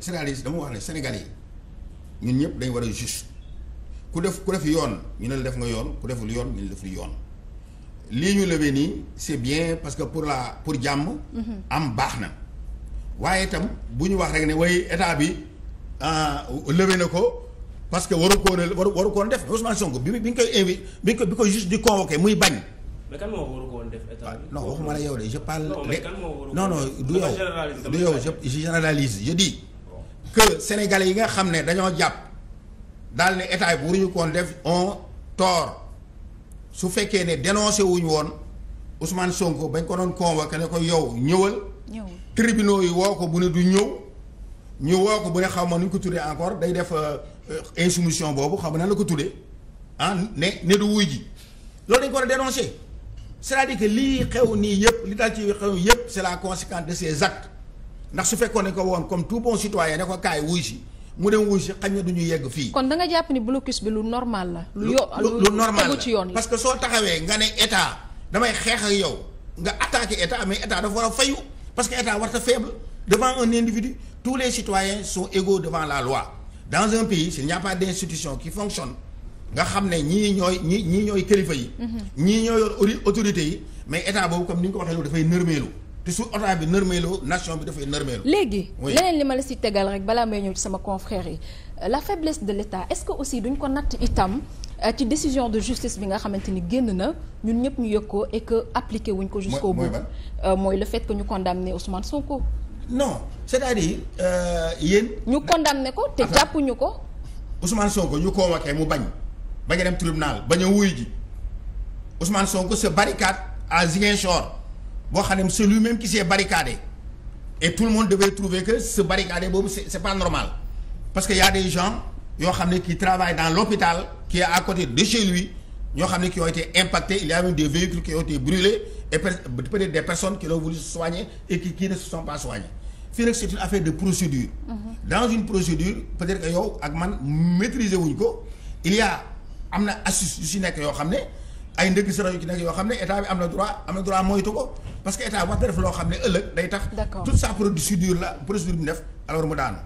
c'est-à-dire dama wax ne Sénégalais yi ñun ñëpp dañ war a juste ku def ku def yoon ñu ne la def nga yoon ku deful yoon ñu ne deful yoon lii ñu lewee nii c'est bien parce que pour la pour jàmm. Mhm. am baax na. waaye itam bu ñu wax rek ne way état bi ah, lewee na ko parce que waru ko waru waru ko def Ousmane Sonko muy bañ. mais kan def état bi. Ah, non waxuma la yow de je parle. non mais du yow généralise je dis. que sénégalais yi nga xam ne dañoo jàpp daal ne état yi waruñu koon def on tort su fekkee ne dénoncé wuñu woon Ousmane Sonko bañ ko doon convoqué ne ko yow ñëwal. ñëwal yi woo ko bu ne du ñëw ñu woo ko bu ne xaw ma nu ñu ko tuddee encore day def euh, euh, insoumission boobu xam na la ko tuddee ah ne ne du wuy ji loolu dañ ko war a dénoncé c'est-à-dire que lii xew nii yëpp li daal ci xew yëpp c'est la conséquence de ces actes. ndax su fekkoon ne ko woon comme tout bon citoyen ne ko kaay wuy si mu dem wuy si xañ na du ñu yegg fii. kon da nga jàpp ni blocus bi lu normal la. lu lu normal la parce que soo taxawee nga ne état damay xeex ak yow nga attaqué état mais état dafa war a fayu parce que état war ta faible devant un individu tous les citoyens sont égaux devant la loi dans un pays s'il n'y a pas d'institution qui fonctionne nga xam ne ñii ñooy ñii ñii ñooy kilifa yi. Mhm. ñii ñooy yor autorité yi mais état boobu comme ni nga ko waxee loolu su otaa bi nërmeeloo nation bi dafay nërmeeloo. léegi leneen li ma la si tegal rek balaa may ñëw ci sama confrère yi la faiblesse de l'État est-ce que aussi duñ ko natt itam euh, ci décision de justice bi nga xamante ni génn na ñun ñëpp ñu yëg ko et que appliqué wuñ ko jusqu'au bout euh, mooy le fait que ñu condamné Ousmane ko non c'est-à-dire euh, yéen. ñu condamné ko te jàppuñu ko. Ousmane Sonko ñu convoqué mu bañ bañ a dem tribunal bañ a wuyu ji Ousmane Sonko se barricade à boo xam ne c'est lui-même qui s'est barricadé et tout le monde devait trouver que se barricader boobu c'est c'est pas normal parce que y a des gens yoo xam ne qui travaillent dans l'hôpital qui est à côté de chez lui ñoo xam ne qui ont été impactés il y a même des véhicules qui ont été et peut-être des personnes qui l'ont voulu soigner et qui qui ne se sont pas soignées fii nag c'est une affaire de procédure mm-hmm. dans une procédure peut-être que yow ak man maîtriser wuñ ko ay ndëgg sa rajo ci nekk yoo xam ne état bi am na droit am na droit moytu ko parce que état war na def loo xam ne ëllëg day tax. toute sa procédure la procédure bi def alors mu daanu.